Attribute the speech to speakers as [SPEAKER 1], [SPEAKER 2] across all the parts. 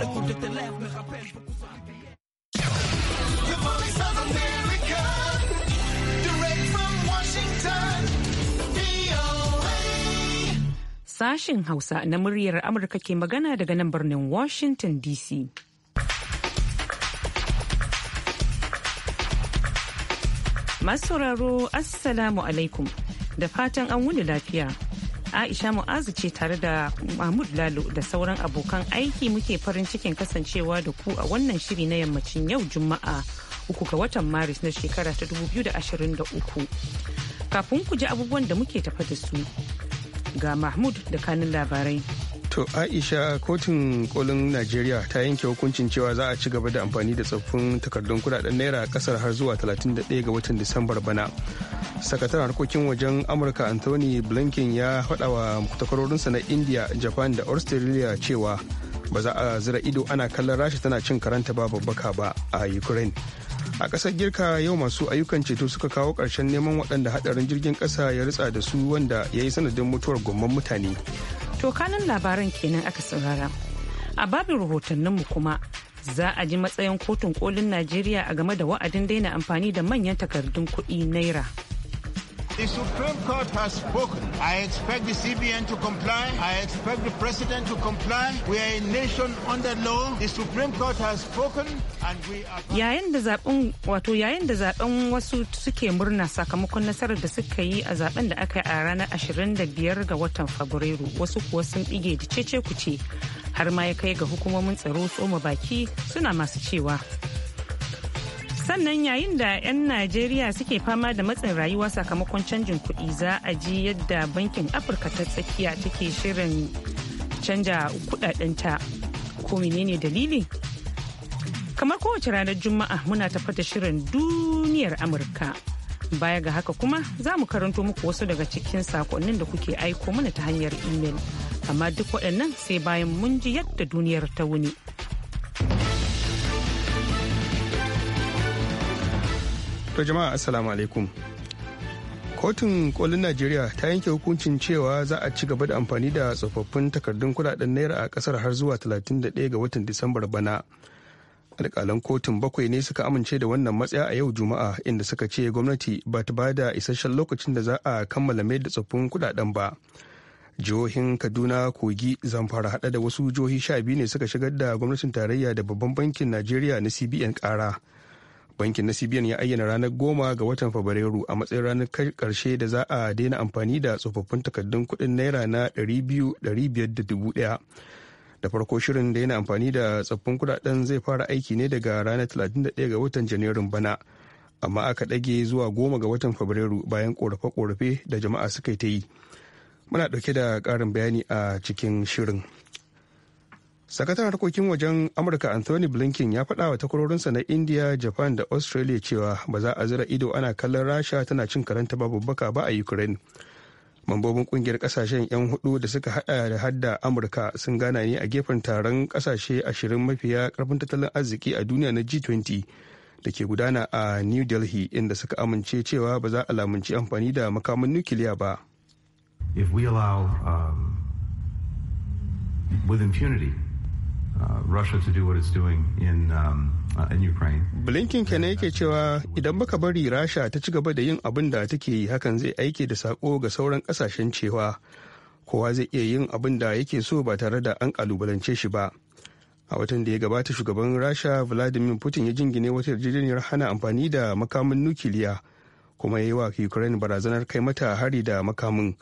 [SPEAKER 1] le
[SPEAKER 2] Sashen Hausa na muryar Amurka ke magana daga nan birnin Washington DC. Masu sauraro Assalamu alaikum da fatan an wuni lafiya. Aisha Mu'azu ce tare da Mahmud Lalo da sauran abokan aiki muke farin cikin kasancewa da ku a wannan shiri na yammacin yau Juma'a uku ga watan Maris na shekara ta 2023. Kafin ku ji abubuwan da muke tafa da su ga Mahmud da kanin labarai.
[SPEAKER 3] To Aisha kotun kolin Najeriya ta yanke hukuncin cewa za a ci gaba da amfani da tsoffin takardun kudaden naira kasar har zuwa 31 ga watan Disambar bana. Sakataren harkokin wajen Amurka Anthony Blinken ya faɗa wa takwarorinsa na India, Japan da Australia cewa ba za a zira ido ana kallon Rasha tana cin karanta ba babbaka ba a Ukraine. a ƙasar girka yau masu ayyukan ceto suka kawo karshen neman waɗanda haɗarin jirgin ƙasa ya ritsa da su wanda ya yi sanadin mutuwar gomman mutane
[SPEAKER 2] To kanan labaran kenan aka saurara. A babin rahotanninmu kuma za a ji matsayin kotun kolin Najeriya a game da wa'adin daina amfani da manyan takardun kuɗi naira.
[SPEAKER 1] The Supreme Court has spoken. I expect the CBN to comply. I expect the President to comply. We are a nation under law. The Supreme Court has spoken Yayin
[SPEAKER 2] da zaben wato yayin da zaben wasu suke murna sakamakon nasarar da suka yi a zaben da aka yi a ranar 25 ga watan Fabrairu wasu kuwa sun bige da cece kuce har ma ya kai ga hukumomin tsaro tsoma baki suna masu cewa sannan yayin da 'yan najeriya suke fama da matsin rayuwa sakamakon canjin kuɗi za a ji yadda bankin afirka ta tsakiya take shirin canja kudadenta ko menene dalili kamar kowace ranar juma'a muna tafa da shirin duniyar amurka baya ga haka kuma za mu karanto muku wasu daga cikin sakonnin da kuke aiko mana ta hanyar imel amma duk waɗannan sai bayan mun ji yadda duniyar ta wuni.
[SPEAKER 3] To jama'a assalamu alaikum. Kotun kolin Najeriya ta yanke hukuncin cewa za a ci gaba da amfani da tsofaffin takardun kudaden naira a kasar har zuwa 31 ga watan Disambar bana. alkalan kotun bakwai ne suka amince da wannan matsaya a yau juma'a inda suka ce gwamnati ba ta ba da isasshen lokacin da za a kammala mai da tsoffin kudaden ba jihohin kaduna kogi zamfara hada da wasu jihohi sha biyu ne suka shigar da gwamnatin tarayya da babban bankin najeriya na cbn kara bankin na cbn ya ayyana ranar goma ga watan fabrairu a matsayin ranar karshe da za a daina amfani da tsofaffin takardun kuɗin naira na biyar da farko shirin da yana amfani da tsoffin kudaden zai fara aiki ne daga ranar 31 ga watan janairun bana amma aka ɗage zuwa goma ga watan fabrairu bayan korafe-korafe da jama'a suka yi ta yi muna ɗauke da ƙarin bayani a cikin shirin. sakataren harkokin wajen amurka anthony blinken ya faɗa wa takwarorinsa na india japan da australia cewa ba za a zira ido ana kallon rasha tana cin karanta babu baka ba a ukraine mambobin kungiyar kasashen yan hudu da suka hada da hadda amurka sun gana ne a gefen taron kasashe ashirin mafiya karfin tattalin arziki a duniya na g20 da ke gudana a new delhi inda suka amince cewa ba za a lamunci amfani da makamin nukiliya ba if
[SPEAKER 4] we allow um, with impunity Uh, Russia to do what um, uh,
[SPEAKER 3] yake cewa idan baka bari Rasha ta ci gaba da yin abin da take yi hakan zai aike da sako ga sauran kasashen cewa kowa zai iya yin abin da yake so ba tare da an kalubalance shi ba. A watan da ya gabata shugaban Rasha Vladimir Putin ya jingine wata yarjejeniyar hana amfani da makamin nukiliya kuma ya yi wa Ukraine barazanar kai mata hari da makamin.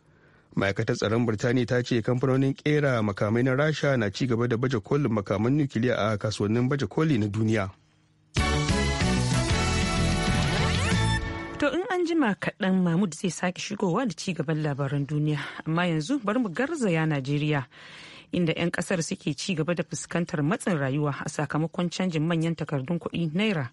[SPEAKER 3] ma'aikatar tsaron birtaniya ta ce kamfanonin kera makamai na rasha na ci gaba da baje kolin makaman nukiliya a kasuwannin baje koli na duniya
[SPEAKER 2] to in an jima kaɗan mahmud zai sake shigowa da ci gaban labaran duniya amma yanzu bari mu garzaya najeriya inda 'yan kasar suke ci gaba da fuskantar matsin rayuwa a sakamakon canjin manyan takardun kuɗi naira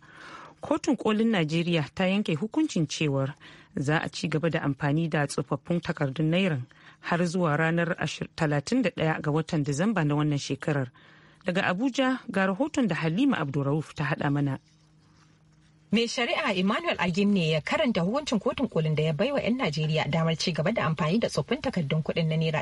[SPEAKER 2] kotun kolin najeriya ta yanke hukuncin cewar za a ci gaba da amfani da tsofaffin takardun nairan har zuwa ranar 31 ga watan Disamba na wannan shekarar. Daga Abuja ga rahoton da Halima Abdurrauf ta haɗa mana. Mai
[SPEAKER 4] shari'a Emmanuel Agim ne ya karanta hukuncin kotun kolin da ya baiwa 'yan Najeriya damar ci gaba da amfani da tsoffin takardun kuɗin na naira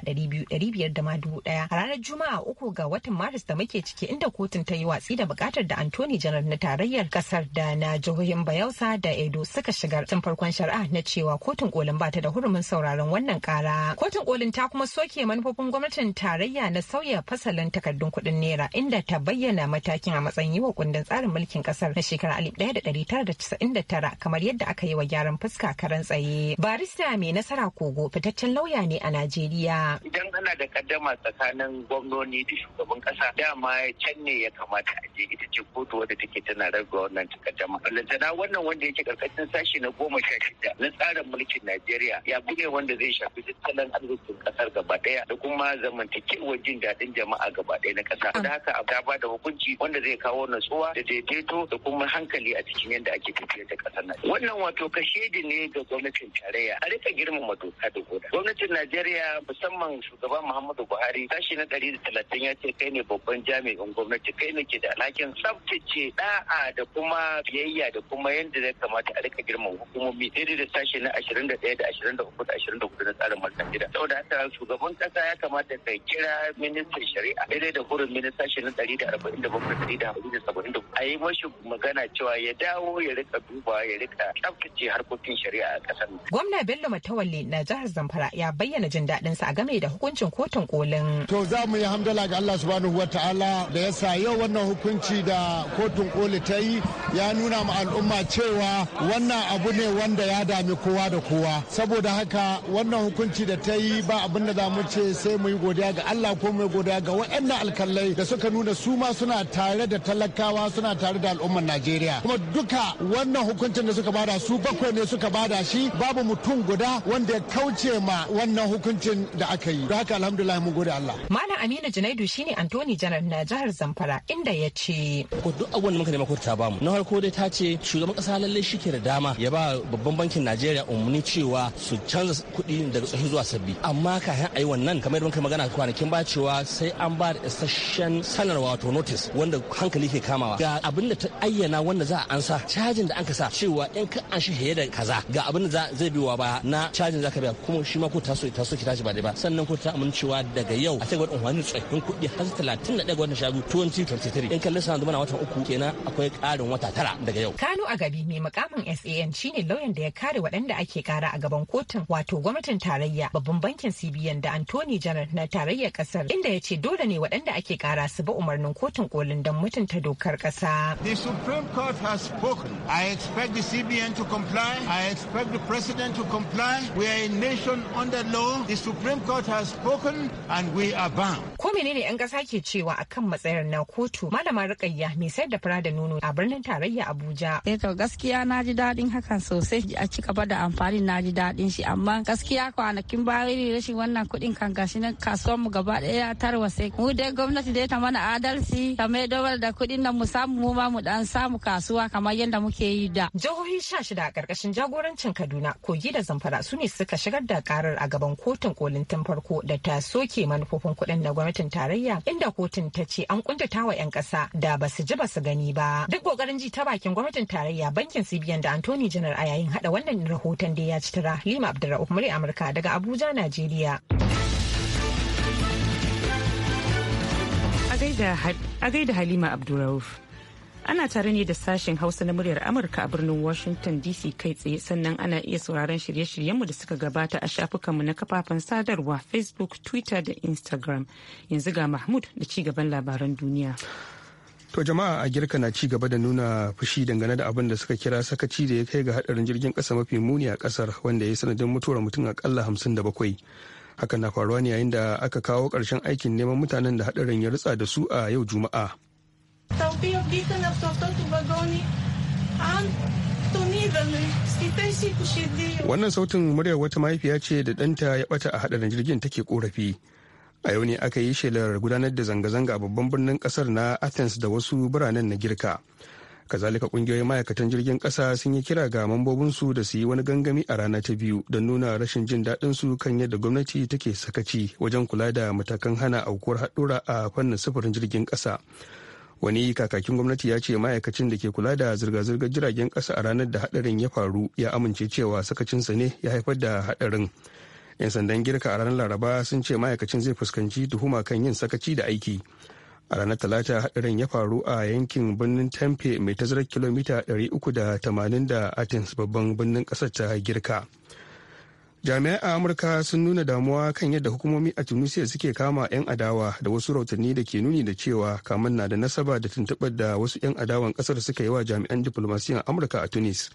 [SPEAKER 4] biyar da ma dubu ɗaya. a ranar Juma'a uku ga watan Maris da muke ciki inda kotun ta yi watsi da buƙatar da Antony Janar na tarayyar ƙasar da na jihohin Bayelsa da Edo suka shigar tun farkon shari'a na cewa kotun kolin ba ta da hurumin sauraron wannan ƙara. Kotun kolin ta kuma soke manufofin gwamnatin tarayya na sauya fasalin takardun kuɗin naira inda ta bayyana matakin a matsayin yi wa kundin tsarin mulkin ƙasar na shekarar 1900 1999 kamar yadda aka yi wa gyaran fuska karan tsaye. Barista mai nasara kogo fitaccen lauya ne a
[SPEAKER 1] Najeriya. Idan ana da kaddama tsakanin gwamnoni da shugaban kasa dama can ne ya kamata a je ita ce kotu wadda take tana rarraba wannan takaddama. Lantana wannan wanda yake karkashin sashi na goma sha shida na tsarin mulkin Najeriya ya bude wanda zai shafi tattalin arzikin kasar gaba daya da kuma zamantakewar jin daɗin jama'a gaba daya na kasa. Da haka ta ba da
[SPEAKER 5] hukunci wanda zai kawo natsuwa da daidaito da kuma hankali a cikin yadda ake tafiyar da ƙasar nan
[SPEAKER 1] wannan wato kashedi ne ga gwamnatin tarayya a rika girmama doka da goda gwamnatin najeriya musamman shugaba muhammadu buhari tashi na ɗari da talatin ya ce kai ne babban jami'in gwamnati kai ne ke da alhakin tsabtace da'a da kuma biyayya da kuma yadda zai kamata a rika girmama hukumomi daidai da tashi na ashirin da ɗaya da ashirin da uku da ashirin da hudu na tsarin mulkin gida saboda haka shugaban ƙasa ya kamata ka kira ministan shari'a daidai da gurin ministan sashi na ɗari da arba'in da bakwai ɗari da hamsin da saba'in da a yi mashi magana cewa ya dawo ya rika duba ya rika tsaftace harkokin shari'a a kasar
[SPEAKER 4] gwamna bello matawalle na jihar zamfara ya bayyana jin daɗin sa
[SPEAKER 1] game da hukuncin kotun kolin to za mu yi hamdala ga Allah subhanahu ta'ala da ya sa yau wannan hukunci da kotun koli ta yi ya nuna ma al'umma cewa wannan abu ne wanda ya dami kowa da kowa saboda haka wannan hukunci da ta yi ba abin da za mu ce sai mu yi godiya ga Allah ko mu yi godiya ga waɗannan alkalai da suka nuna su ma suna tare da talakawa suna tare da al'ummar Najeriya kuma duka wannan hukuncin da suka bada su bakwai ne suka bada shi babu mutum guda wanda ya kauce ma wannan hukuncin da aka yi don haka alhamdulillah mun gode Allah
[SPEAKER 4] malam Aminu Junaidu shine Anthony Janar na jihar Zamfara inda ya ce
[SPEAKER 1] ko duk abubuwan da muka nema ta bamu na farko dai ta ce shugaban kasa lalle shi da dama ya ba babban bankin Najeriya umarni cewa su canza kuɗi daga tsohi zuwa sabbi amma kafin a yi wannan kamar yadda muka magana kwanakin ba cewa sai an ba da isasshen sanarwa to notice wanda hankali ke kamawa ga abin da ta ayyana wanda za a ansa cajin da an ka sa cewa in ka an shi da kaza ga abin da zai biyowa ba na cajin zaka biya kuma shi ma ko taso taso ki tashi ba dai ba sannan ko ta amincewa daga yau a cikin wani tsakin kuɗi har talatin da wannan watan shagu 2023 in kalli sana na watan uku kenan akwai karin wata tara daga yau.
[SPEAKER 4] Kano a gabi mai makamin SAN shine lauyan da ya kare waɗanda ake kara a gaban kotun wato gwamnatin tarayya babban bankin CBN da Anthony General na tarayyar kasar inda ya ce dole ne waɗanda ake kara su ba umarnin kotun kolin don mutunta dokar ƙasa.
[SPEAKER 1] The Supreme Court has spoken Kano. I expect the CBN to comply. I expect the president to comply. We are a nation under law. The Supreme Court has spoken and we are bound.
[SPEAKER 4] Ko menene 'yan ƙasa ke cewa akan matsayar na kotu? Malama Rukayya mai sayar da fura da nono a birnin tarayya Abuja. Eh to gaskiya na ji daɗin hakan
[SPEAKER 5] sosai a ci gaba da amfani na ji daɗin shi amma gaskiya kwanakin baya rashin wannan kuɗin kan gashi na kasuwar mu gaba ɗaya sai Mu dai gwamnati dai ta mana adalci ta mai da kuɗin nan mu samu mu ma mu dan samu kasuwa kamar yadda da muke yi da jihohi sha shida a
[SPEAKER 4] karkashin jagorancin kaduna kogi da zamfara su ne suka shigar da karar a gaban kotun kolin tun farko da ta soke manufofin kuɗin na gwamnatin tarayya inda kotun ta ce an kuntata wa 'yan ƙasa da ba su ji ba su gani ba duk kokarin ji ta bakin gwamnatin tarayya bankin cbn da anthony janar a yayin hada wannan rahoton da ya ci tara lima abdulrahman amurka daga abuja najeriya a gaida halima
[SPEAKER 2] abdulrauf Ana tare ne da sashen Hausa na muryar Amurka a birnin Washington DC kai tsaye sannan ana iya sauraron shirye-shiryenmu da suka gabata a shafukanmu na kafafen sadarwa Facebook, Twitter da Instagram. Yanzu ga Mahmud da ci gaban labaran duniya.
[SPEAKER 3] To jama'a a girka na ci gaba da nuna fushi dangane da abin da suka kira sakaci da ya kai ga hadarin jirgin kasa mafi muni a kasar wanda ya sanadin mutuwar mutum akalla hamsin da bakwai. Hakan na faruwa ne yayin da aka kawo ƙarshen aikin neman mutanen da hadarin ya rutsa da su a yau Juma'a.
[SPEAKER 2] τα οποία μπήκαν από αυτό το βαγόνι αν τον είδαμε στη θέση
[SPEAKER 3] 22. Wannan sautin muryar wata mahaifiya ce da ɗanta ya ɓata a haɗarin jirgin take korafi. A yau ne aka yi shelar gudanar da zanga-zanga a babban birnin ƙasar na Athens da wasu biranen na Girka. Kazalika ƙungiyoyin ma'aikatan jirgin ƙasa sun yi kira ga mambobinsu da su yi wani gangami a rana ta biyu don nuna rashin jin daɗinsu kan yadda gwamnati take sakaci wajen kula da matakan hana aukuwar haɗura a fannin sufurin jirgin ƙasa. wani kakakin gwamnati ya ce ma'aikacin da ke kula da zirga-zirgar jiragen ƙasa a ranar da haɗarin ya faru ya amince cewa sakacinsa ne ya haifar da haɗarin 'yan sandan girka a ranar laraba sun ce ma'aikacin zai fuskanci tuhuma kan yin sakaci da aiki a ranar talata haɗarin ya faru a yankin birnin tempe mai tazarar kilomita 380 da atins babban birnin ƙasar ta girka jami'ai a amurka sun nuna damuwa kan yadda hukumomi a tunisia suke kama 'yan adawa da wasu rautanni da ke nuni da cewa kamun na da nasaba da tuntuɓar da wasu 'yan adawan kasar suka yi wa jami'an diplomasiyan amurka a tunis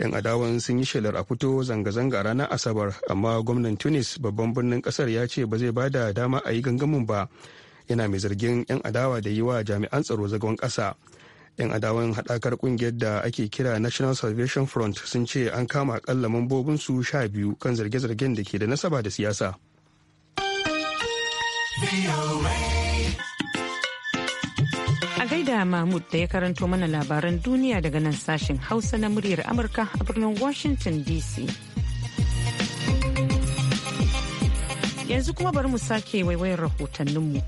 [SPEAKER 3] 'yan adawan sun yi shelar a fito zanga-zanga ranar asabar amma gwamnan tunis babban birnin kasar ya ce ba zai ba da dama a yi gangamin ba yana mai zargin 'yan adawa da yi wa jami'an tsaro zagon kasa. 'yan adawan hadakar kungiyar da ake kira national salvation front sun ce an kama akalla mambobinsu sha biyu kan zarge-zargen da ke da nasaba da siyasa
[SPEAKER 2] a gaida mahmud da ya karanto mana labaran duniya daga nan sashen hausa na muryar amurka a birnin washington dc yanzu kuma bari mu sake waiwayar rahotanninmu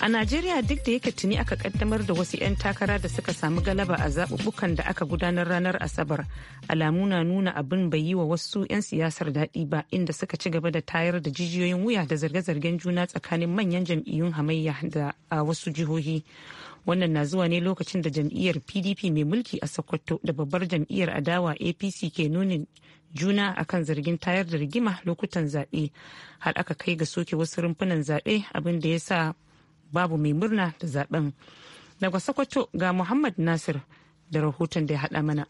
[SPEAKER 2] A Najeriya duk da yake tuni aka kaddamar da wasu 'yan takara da suka samu galaba a zaɓuɓɓukan da aka gudanar ranar Asabar, alamu na nuna abin bai yi wa wasu 'yan siyasar daɗi ba inda suka ci gaba da tayar da jijiyoyin wuya da zarge-zargen juna tsakanin manyan jam'iyyun hamayya da a wasu jihohi. Wannan na zuwa ne lokacin da jam'iyyar PDP mai mulki a Sokoto da babbar jam'iyyar adawa APC ke nunin juna akan zargin tayar da rigima lokutan zaɓe har aka kai ga soke wasu rumfunan zaɓe abin da ya sa babu mai murna da zaben daga sokoto ga muhammad nasir da rahoton da ya haɗa mana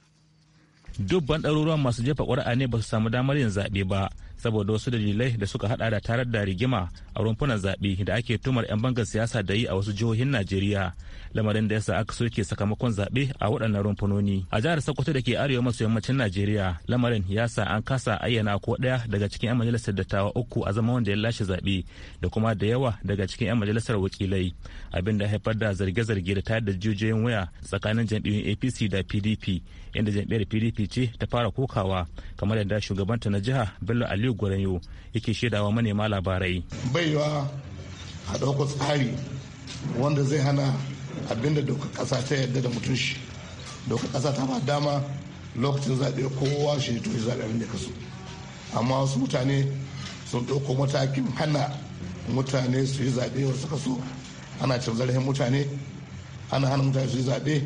[SPEAKER 6] dubban ɗaruruwan masu jefa ƙuri'a ne ba su samu damar yin zaɓe ba saboda wasu dalilai da suka hada da tarar da rigima a rumfunan zaɓe da ake tumar 'yan bangar siyasa da yi a wasu jihohin najeriya lamarin da yasa aka soke sakamakon zaɓe a waɗannan rumfunoni a jihar sokoto da ke arewa maso yammacin najeriya lamarin ya sa an kasa ayyana ko ɗaya daga cikin 'yan majalisar dattawa uku a zama wanda ya lashe zaɓe da kuma da yawa daga cikin 'yan majalisar wakilai abin da haifar da zarge-zarge da tayar da jijiyoyin waya tsakanin jam'iyyun apc da pdp inda jam'iyyar pdp ce ta fara kokawa kamar yadda shugabanta na jiha bello aliyu gwaranyo yake shaidawa manema labarai
[SPEAKER 1] baiwa a ɗauko tsari wanda zai hana abinda dokar ƙasa ta yadda da mutum shi dokar ƙasa ta ba dama lokacin zaɓe kowa shi to zaɓe abin da ka so amma wasu mutane sun ɗauko matakin hana mutane su yi zaɓe wasu kaso ana cin zarafin mutane ana hana mutane su yi zaɓe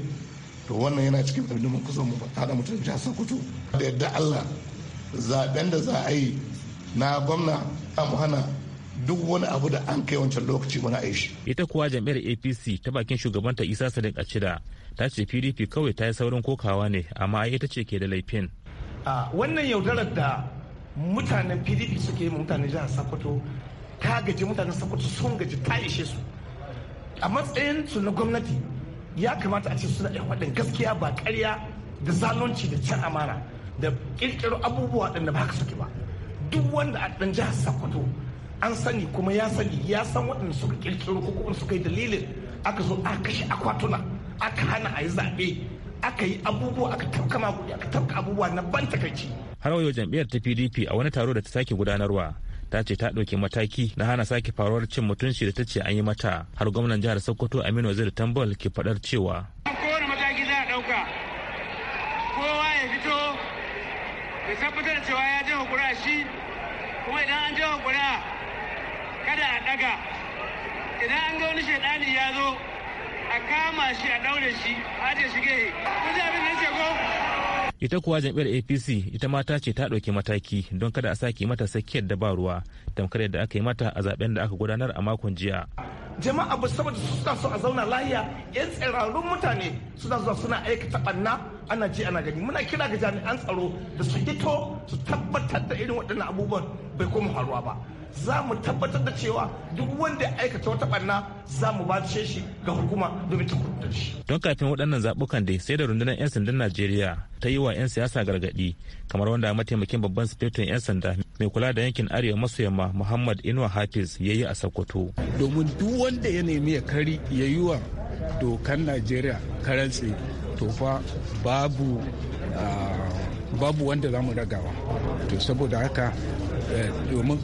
[SPEAKER 1] to wannan yana cikin abin da mun kusa mu faɗa mutum jihar sokoto da yadda allah zaben da za a yi na gwamna a muhana duk wani abu da an kai wancan lokaci muna a shi.
[SPEAKER 6] ita kuwa jam'iyyar apc ta bakin shugabanta isa sadiq acida ta ce pdp kawai ta yi saurin kokawa ne amma ai ita ce ke da laifin.
[SPEAKER 1] a wannan yaudarar da mutanen pdp suke yi mutanen jihar sokoto ta gaji mutanen sokoto sun gaji ta ishe su a matsayin su na gwamnati ya kamata a ce suna iya faɗin gaskiya ba karya da zalunci da can amana da ƙirƙiro abubuwa ɗin da ba haka suke ba duk wanda a ɗan jihar Sokoto an sani kuma ya sani ya san waɗanda suka ƙirƙiro ko kuma suka yi dalilin aka zo aka kashe akwatuna aka hana a yi zaɓe aka yi abubuwa aka tafka magudi aka tafka abubuwa na ban takaici.
[SPEAKER 6] Har yau jam'iyyar ta PDP a wani taro da ta sake gudanarwa ta ce ta ɗauki mataki na hana sake faruwar cin mutunci da ta ce an yi mata har gwamnan jihar sokoto aminu wazir tambol ke faɗar cewa
[SPEAKER 1] kowane mataki za a ɗauka kowa ya fito ya tabbatar cewa ya jefa ƙura shi kuma idan an jefa ƙura kada a ɗaga idan an ga wani shaidani ya zo a kama shi a daure shi a ajiye shi gehe kun ji abin da ko
[SPEAKER 6] ita kuwa jam'iyyar apc ita mata ce ta ɗauki mataki don kada a sake mata sakiyar da ba ruwa tamkar yadda aka yi mata a zaben da aka gudanar a makon jiya
[SPEAKER 1] jama'a ba saboda suna so a zauna lahiya yan tsirarun mutane suna zuwa suna aikata ɓanna ana ji ana gani muna kira ga jami'an tsaro da su hito su tabbatar da irin waɗannan abubuwan bai koma faruwa ba za mu tabbatar da cewa duk wanda ya aikata wata barna za mu ba shi ga hukuma domin ta da shi.
[SPEAKER 6] Don kafin waɗannan zaɓukan dai sai da rundunar 'yan sandan Najeriya ta yi wa 'yan siyasa gargaɗi kamar wanda mataimakin babban sifetin 'yan sanda mai kula da yankin arewa maso yamma Muhammad Inuwa Hafiz ya yi a Sokoto.
[SPEAKER 1] Domin duk wanda ya nemi ya kari ya yi wa dokan
[SPEAKER 3] Najeriya karantse to fa babu babu wanda za mu ragawa to saboda haka eh, domin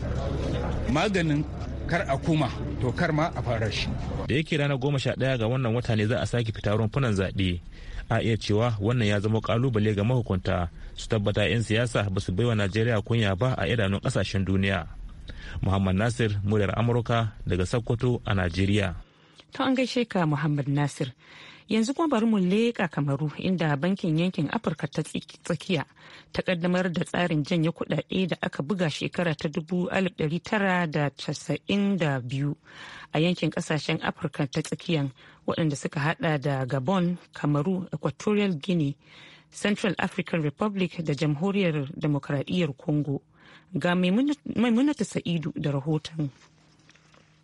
[SPEAKER 3] maganin
[SPEAKER 1] kar a kuma to kar ma a fara shi.
[SPEAKER 6] Da yake rana goma sha ɗaya ga wannan wata ne za a sake fita rumfunan zaɓe. A iya cewa wannan ya zama kalubale ga mahukunta su tabbata 'yan siyasa ba su baiwa Najeriya kunya ba a idanun ƙasashen duniya. Muhammad Nasir, muryar Amurka daga Sokoto a Najeriya.
[SPEAKER 2] ta an gaishe ka Muhammad Nasir. Yanzu kuma bari mu leƙa kamaru inda bankin yankin Afirka ta tsakiya ta kaddamar da tsarin janye kuɗaɗe da aka buga shekara ta 1992 a yankin ƙasashen Afirka ta tsakiyan waɗanda suka hada da Gabon, Kamaru, Equatorial Guinea, Central African Republic da Jamhuriyar Demokradiyyar Congo. Ga ta Sa'idu da rahoton.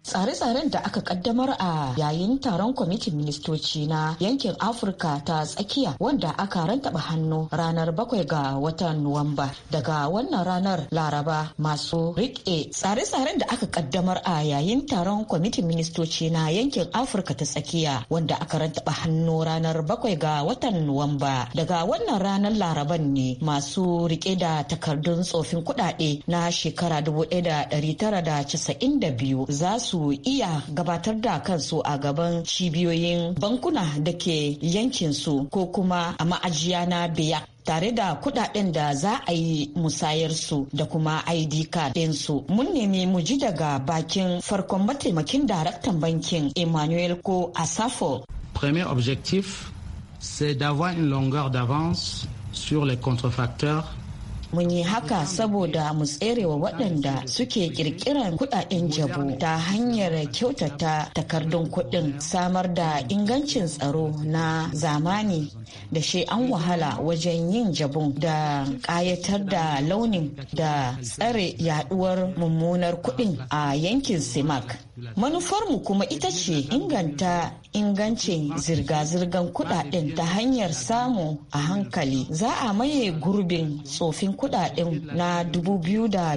[SPEAKER 2] Tsare-tsaren da aka kaddamar a yayin taron kwamitin ministoci
[SPEAKER 7] na yankin Afirka ta tsakiya wanda aka rantaba hannu ranar bakwai ga watan Nuwamba. Daga wannan ranar Laraba masu rike tsare-tsaren da aka kaddamar a yayin taron kwamitin ministoci na yankin Afirka ta tsakiya wanda aka rantaba hannu ranar bakwai ga watan Nuwamba. Daga wannan ranar Laraban ne masu riƙe da takardun tsofin kuɗaɗe na shekara 1992 za su su iya gabatar da kansu a gaban cibiyoyin bankuna da ke yankinsu ko kuma a ma'ajiya na biya tare da kudaden da za a yi musayar su da kuma ID card ɗinsu. Mun nemi mu ji daga bakin farkon mataimakin daraktan bankin Emmanuel Ko Asafo.
[SPEAKER 1] Premier objectif, c'est d'avoir une longueur d'avance sur les contrefacteurs
[SPEAKER 7] mun yi haka saboda mu tserewa waɗanda suke kirkiran kuɗaɗen jabo ta hanyar kyautata takardun kuɗin samar da ingancin tsaro na zamani da shi an wahala wajen yin jabun da ƙayatar da launin da tsare yaduwar mummunar kuɗin a yankin simak manufarmu kuma ita ce inganta ingancin zirga-zirgar kudaden ta hanyar samu a hankali za a maye gurbin tsofin kudaden na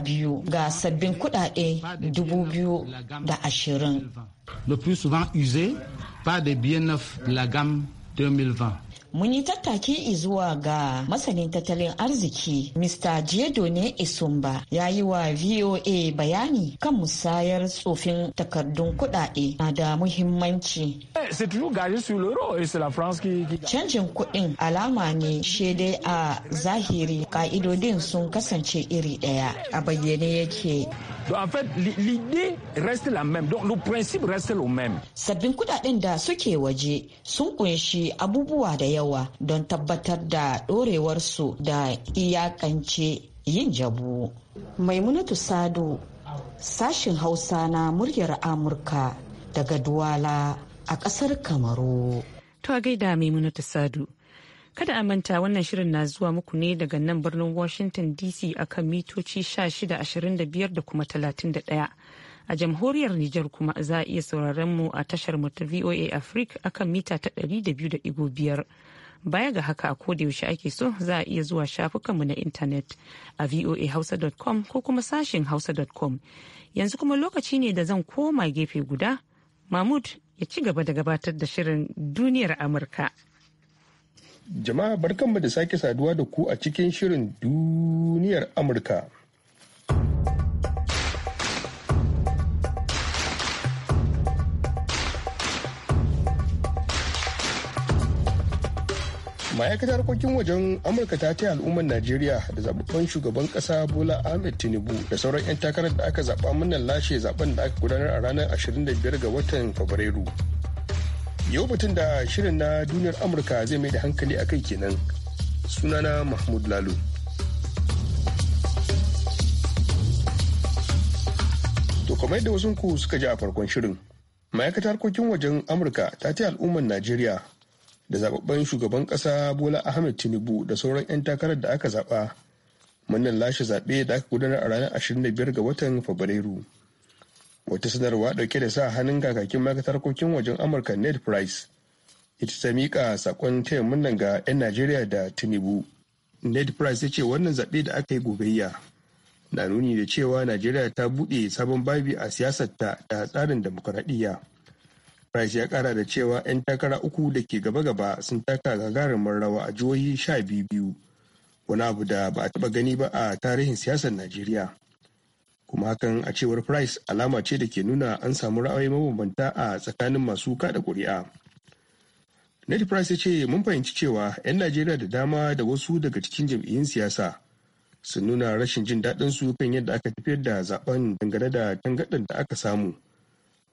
[SPEAKER 7] biyu ga sabbin kudade
[SPEAKER 1] 2020 le plus souvent usé par des biens neufs de 2020
[SPEAKER 7] mun yi tattaki zuwa ga masanin tattalin arziki Mr. ne Isumba ya yi wa VOA bayani kan musayar tsofin takardun kuɗaɗe na da muhimmanci. Eh, Canjin kuɗin alama ne shaidai a zahiri ka'idodin sun kasance iri ɗaya a bayyane yake. Donc en fait, l'idée
[SPEAKER 6] reste la même. Donc le principe reste le même.
[SPEAKER 7] Sabbin kudaden da suke waje sun kunshi abubuwa da yawa don tabbatar da dorewar su da iyakance yin jabu. Maimunatu Sado, sashin Hausa
[SPEAKER 2] na muryar Amurka daga Duwala a kasar Kamaru. To gaida Maimunatu Sadu. Kada a manta wannan shirin na zuwa muku ne daga nan birnin Washington DC akan mitoci 1625 da kuma 31. A jamhuriyar Nijar kuma za a iya sauraron mu a tashar mu ta VOA Africa akan mita ta 200.5. Baya ga haka a yaushe ake so za a iya zuwa shafukanmu na intanet a voahausa.com ko kuma sashin hausa.com. Yanzu kuma lokaci ne da zan koma gefe guda. Mahmud ya ci gaba da gabatar da shirin duniyar Amurka.
[SPEAKER 3] Jama'a barkanmu da sake saduwa da ku a cikin shirin duniyar Amurka. ma'aikatar harkokin wajen amurka ta taya al'ummar najeriya da zababban shugaban ƙasa bola ahmed tinubu da sauran 'yan takarar da aka zaɓa munnan lashe zaɓen da aka gudanar a ranar 25 ga watan fabrairu yau batun da shirin na duniyar amurka zai mai da hankali a kai kenan sunana mahmud lalu to kamar yadda wasu ku suka ji a farkon shirin ma'aikatar harkokin wajen amurka ta ce al'ummar najeriya da zababben shugaban kasa bola ahmed tinubu da sauran 'yan takarar da aka zaba wannan lashe zaɓe da aka gudanar a ranar 25 ga watan fabrairu wata sanarwa dauke da sa hannun kakakin ma'aikatar kokin wajen amurka ned price ita ta mika sakon taya murnan ga 'yan najeriya da tinubu ned price ya ce wannan zaɓe da aka yi ya na nuni da cewa najeriya ta buɗe sabon babi a siyasarta da tsarin demokuraɗiyya price ya kara da cewa 'yan takara uku da ke gaba-gaba sun taka gagarumin rawa a jihohi sha biyu wani abu da ba a taɓa gani ba a tarihin siyasar najeriya kuma hakan a cewar price alama ce da ke nuna an samu ra'ayi mabambanta a tsakanin masu kada kuri'a net price ya ce mun fahimci cewa 'yan najeriya da dama da wasu daga cikin jam'iyyun siyasa sun nuna rashin jin daɗin su kan yadda aka tafiyar da zaben dangane da tangaɗin da aka samu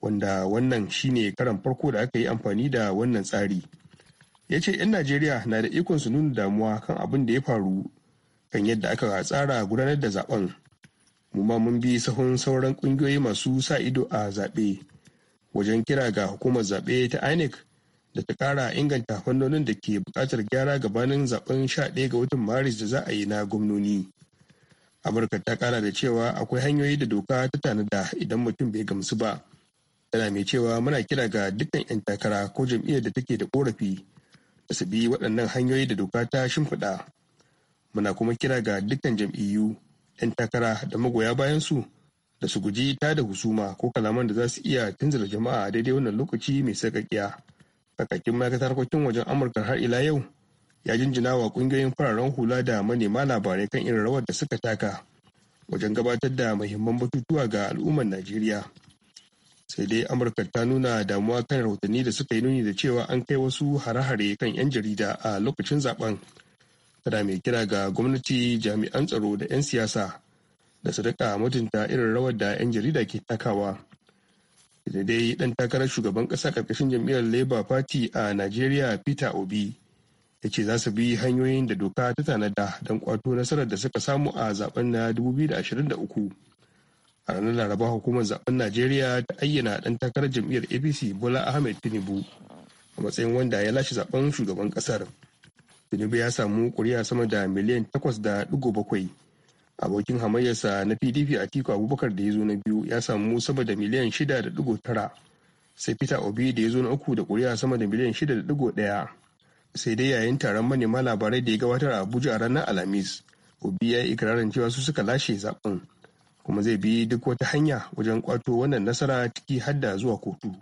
[SPEAKER 3] wanda wannan shine karan farko da aka yi amfani da wannan tsari ya ce 'yan najeriya na da ikon su nuna damuwa kan abin da ya faru kan yadda aka tsara gudanar da zaben mu ma mun bi sahun sauran kungiyoyi masu sa ido a zaɓe wajen kira ga hukumar zaɓe ta inec da ta ƙara inganta fannonin da ke buƙatar gyara gabanin zaben 11 ga watan maris da za a yi na gwamnoni amurka ta kara da cewa akwai hanyoyi da doka ta tanada idan mutum bai gamsu ba tana mai cewa muna kira ga dukkan 'yan takara ko jam'iyyar da take da korafi da su bi waɗannan hanyoyi da doka ta shimfiɗa muna kuma kira ga dukkan jam'iyyu 'yan takara da magoya bayan su da su guji ta da husuma ko kalaman da za su iya tunzura jama'a a daidai wannan lokaci mai sakakkiya. Kakakin ma'aikatar harkokin wajen Amurka har ila yau ya jinjina wa kungiyoyin fararen hula da manema labarai kan irin rawar da suka taka wajen gabatar da mahimman batutuwa ga al'ummar Najeriya. Sai dai Amurka ta nuna damuwa kan rahotanni da suka yi nuni da cewa an kai wasu hare-hare kan 'yan jarida a lokacin zaben. tana mai kira ga gwamnati jami'an tsaro da 'yan siyasa da su rika mutunta irin rawar da 'yan jarida ke takawa da dai dan takarar shugaban kasa karkashin jam'iyyar labour party a nigeria peter obi ya ce za su bi hanyoyin da doka ta tanada don kwato nasarar da suka samu a zaben na 2023 a ranar laraba hukumar zaben nigeria ta ayyana dan takarar jam'iyyar apc bola ahmed tinubu a matsayin wanda ya lashe zaben shugaban kasar tinubu ya samu kuri'a sama da miliyan takwas da abokin hamayyarsa na pdp a atiku abubakar da ya zo na biyu ya samu sama da miliyan shida da digo tara sai peter obi da ya zo na uku da kuri'a sama da miliyan shida sai dai yayin taron manema labarai da ya gabatar a abuja a ranar alhamis obi ya yi ikirarin cewa su suka lashe zaɓen kuma zai bi duk wata hanya wajen kwato wannan nasara ciki hadda zuwa kotu.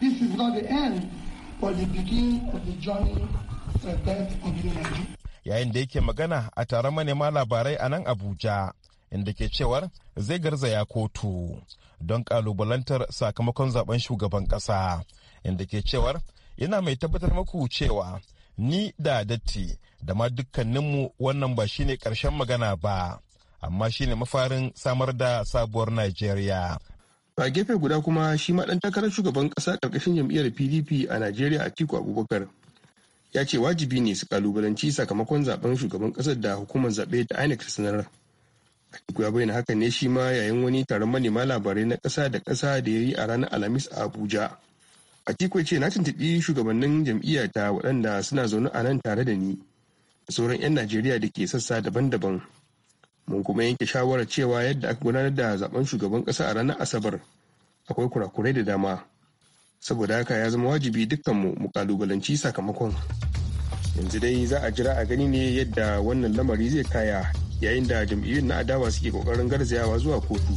[SPEAKER 1] This is not the end, but the beginning of the journey for uh, of the Yayin da yake magana a taron manema labarai a nan Abuja,
[SPEAKER 3] inda ke cewar zai garzaya kotu don kalubalantar sakamakon zaben shugaban kasa, inda ke cewar yana mai tabbatar maku cewa ni da datti da ma dukkaninmu wannan ba shine karshen magana ba amma shine mafarin samar da sabuwar Najeriya a gefe guda kuma shi ma dan takarar shugaban kasa karkashin jam'iyyar pdp a najeriya atiku abubakar ya ce wajibi ne su kalubalanci sakamakon zaben shugaban kasar da hukumar zaɓe ta inec ta sanar atiku ya bayyana hakan ne shi ma yayin wani taron manema labarai na kasa da kasa da ya yi a ranar alhamis a abuja atiku ya ce na tuntuɓi shugabannin jam'iyyata waɗanda suna zaune a nan tare da ni da sauran 'yan najeriya da ke sassa daban-daban mun kuma yanke shawarar cewa yadda aka gudanar da zaben shugaban kasa a ranar asabar akwai kurakurai da dama saboda haka ya zama wajibi dukkanmu mu kalubalanci sakamakon yanzu dai za a jira a gani ne yadda wannan lamari zai kaya yayin da jam'iyyun na adawa suke kokarin garzayawa zuwa kotu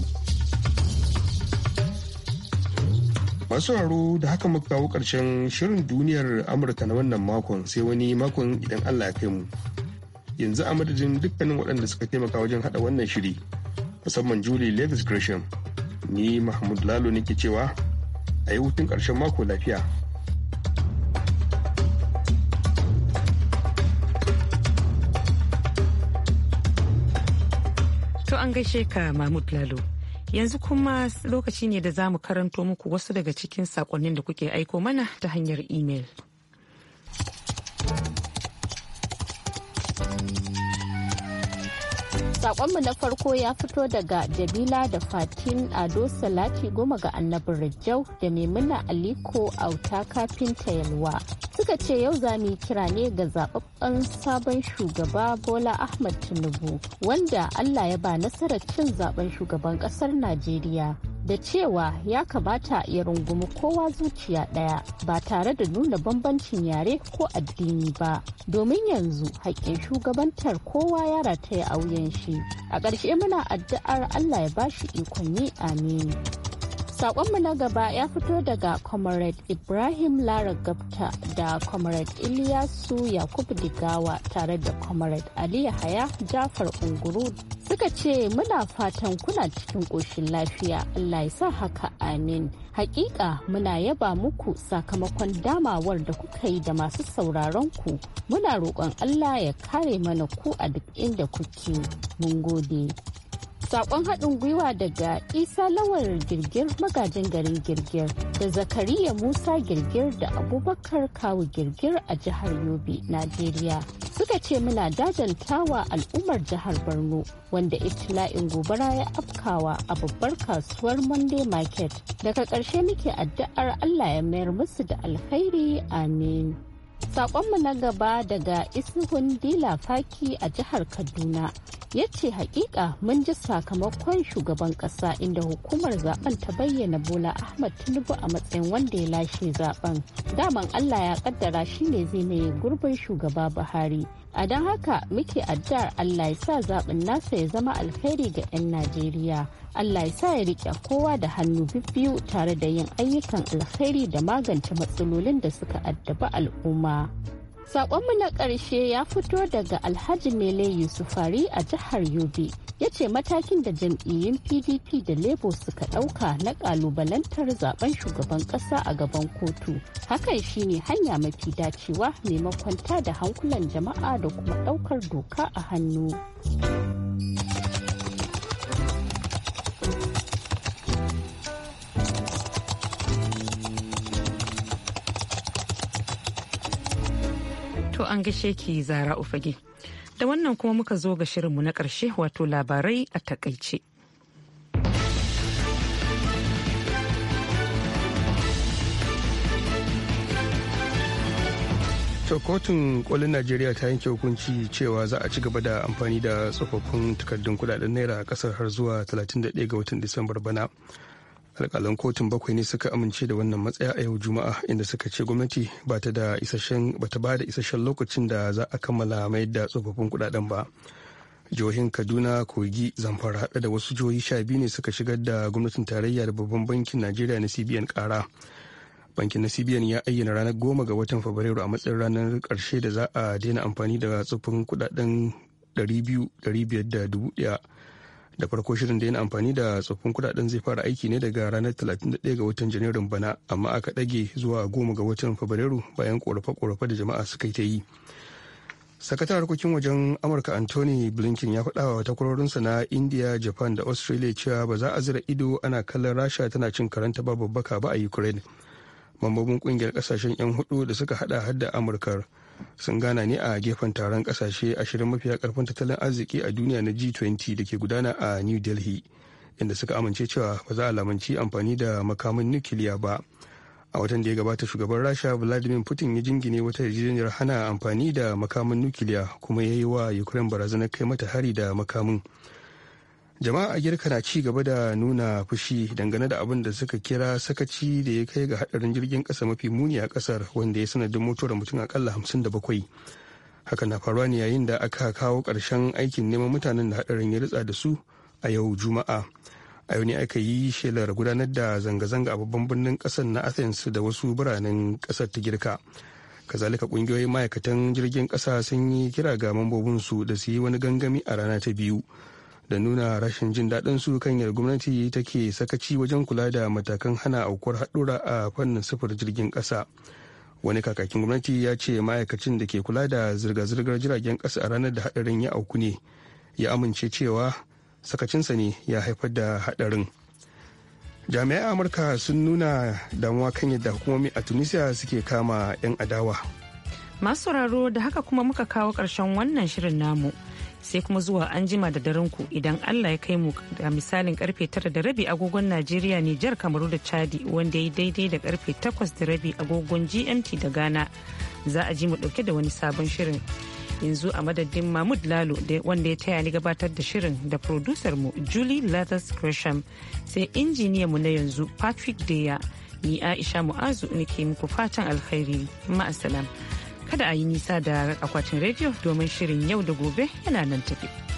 [SPEAKER 3] masu raro da haka muka kawo karshen shirin duniyar amurka na wannan makon sai wani makon idan allah ya kai mu yanzu a madadin dukkanin waɗanda suka taimaka wajen haɗa wannan shiri musamman julie levis gresham ni mahmud lalo nake cewa a yi hutun ƙarshen mako lafiya
[SPEAKER 2] to an gaishe ka mahmud lalo yanzu kuma lokaci ne da za mu karanto muku wasu daga cikin saƙonnin da kuke aiko mana ta hanyar imel.
[SPEAKER 5] Sakonmu na farko ya fito daga jabila da Fatin Ado Salati goma ga annabin Rajau da Maimuna Aliko Auta Kafinta Yalwa. Suka ce yau za mu yi kira ne ga zababben sabon shugaba Bola Ahmad Tinubu wanda Allah ya ba nasarar cin zaben shugaban kasar Najeriya. da cewa ya kamata ya rungumi kowa zuciya ɗaya ba tare da nuna bambancin yare ko addini ba domin yanzu haƙƙin shugabantar kowa ya rataya a wuyan shi a ƙarshe muna addu'ar allah ya bashi ikon yi amin Sakonmu na gaba ya fito daga Comrade Ibrahim Lara Gabta da Comrade iliyasu Yakubu Digawa tare da Comrade Ali Yahaya Jafar Unguru suka ce muna fatan kuna cikin ƙoshin lafiya Allah ya sa haka amin. Hakika muna yaba muku sakamakon damawar da kuka yi da masu sauraron ku muna roƙon Allah ya kare mana ku a duk inda kuke. Mun gode. sakon haɗin gwiwa daga isa lawar girgir magajin garin girgir da zakariya musa girgir da abubakar kawu girgir a jihar yobe najeriya suka ce muna dajantawa al'ummar jihar borno wanda itila'in gobara ya afkawa a babbar kasuwar monday market daga ƙarshe muke addu'ar allah ya mayar musu da alkhairi amin Sakonmu na gaba daga Isihun Dila Faki a jihar Kaduna ya ce hakika mun ji sakamakon shugaban kasa inda hukumar zaben ta bayyana Bola Ahmad Tinubu a matsayin wanda ya lashe zaben. Daman Allah ya kaddara shine ne zai mai gurbin shugaba Buhari. A don haka muke addu'ar Allah ya sa zaben nasa ya zama alheri ga 'yan Najeriya. Allah ya sa ya rike kowa da hannu biyu tare da yin ayyukan alheri da magance matsalolin da suka addabi al'umma. Sakonmu na ƙarshe ya fito daga Alhaji Mele Yusufari a jihar Yobe. Ya ce matakin da jam'iyyun PDP da Labour suka ɗauka na ƙalubalantar zaben shugaban ƙasa a gaban kotu. Hakan shine hanya mafi dacewa maimakon da hankulan jama'a da kuma ɗaukar doka a hannu.
[SPEAKER 2] To an gaishe ki zara ufage. Da wannan kuma muka zo ga shirinmu na ƙarshe wato labarai a takaice.
[SPEAKER 3] ta kotun kolin najeriya ta yanke hukunci cewa za a ci gaba da amfani da tsofaffin takardun kudaden naira a kasar har zuwa 31 ga watan disambar bana alkalan kotun bakwai ne suka amince da wannan matsaya a yau juma'a inda suka ce gwamnati ba ta da isasshen ba ta ba da isasshen lokacin da za a kammala mai da tsofaffin kudaden ba jihohin kaduna kogi zamfara da wasu jihohi sha biyu ne suka shigar da gwamnatin tarayya da babban bankin najeriya na cbn kara bankin na cbn ya ayyana ranar goma ga watan fabrairu a matsayin ranar karshe da za a daina amfani da tsofaffin kudaden 200 500 da da farko shirin da yin amfani da tsoffin kudaden zai fara aiki ne daga ranar 31 ga watan janairun bana amma aka ɗage zuwa 10 ga watan fabrairu bayan korafe-korafe da jama'a suka yi ta yi sakatar harkokin wajen amurka anthony blinken ya faɗa wa takwarorinsa na india japan da australia cewa ba za a zira ido ana kallon rasha tana cin karanta babbaka ba a ukraine mambobin kungiyar kasashen 'yan hudu da suka hada hadda amurkar amurka sun gana ne a gefen taron kasashe ashirin mafiya karfin tattalin arziki a duniya na G20 da ke gudana a New Delhi inda suka amince cewa ba za a lamanci amfani da makamin nukiliya ba. A watan da ya gabata shugaban Rasha Vladimir Putin ya jingine wata yarjejeniyar hana amfani da makamin nukiliya kuma ya yi wa Ukraine barazanar kai mata hari da makamin. jama'a a girka na ci gaba da nuna fushi dangane da abin da suka kira sakaci da ya kai ga hadarin jirgin kasa mafi muni a kasar wanda ya sanadin mutuwar mutum akalla bakwai haka na faruwa ne yayin da aka kawo karshen aikin neman mutanen da hadarin ya ritsa da su a yau juma'a a yau ne aka yi shelar gudanar da zanga-zanga a babban birnin kasar na athens da wasu biranen kasar ta girka kazalika kungiyoyin ma'aikatan jirgin kasa sun yi kira ga mambobinsu da su yi wani gangami a rana ta biyu da nuna rashin jin daɗin su kan yar gwamnati take sakaci wajen kula da matakan hana aukuwar haɗura a fannin sufur jirgin ƙasa wani kakakin gwamnati ya ce ma'aikacin da ke kula da zirga-zirgar jiragen ƙasa a ranar da haɗarin ya auku ne ya amince cewa sakacinsa ne ya haifar da haɗarin jami'an amurka sun nuna damuwa kan yadda hukumomi a tunisia suke kama 'yan adawa
[SPEAKER 2] masu sauraro da haka kuma muka kawo ƙarshen wannan shirin namu sai kuma zuwa an jima da daren ku idan Allah ya kai mu da misalin karfe tara da rabi agogon Najeriya Nijar Kamaru da Chadi wanda ya daidai da karfe takwas da rabi agogon GMT da Ghana za a ji mu dauke da wani sabon shirin yanzu a madadin Mahmud Lalo wanda ya taya ni gabatar da shirin da producer mu Julie Lathers Gresham sai injiniya mu na yanzu Patrick Deya ni Aisha Mu'azu nake muku fatan alkhairi ma'asalam. kada a yi nisa da akwatin rediyo domin shirin yau da gobe yana nan tafi.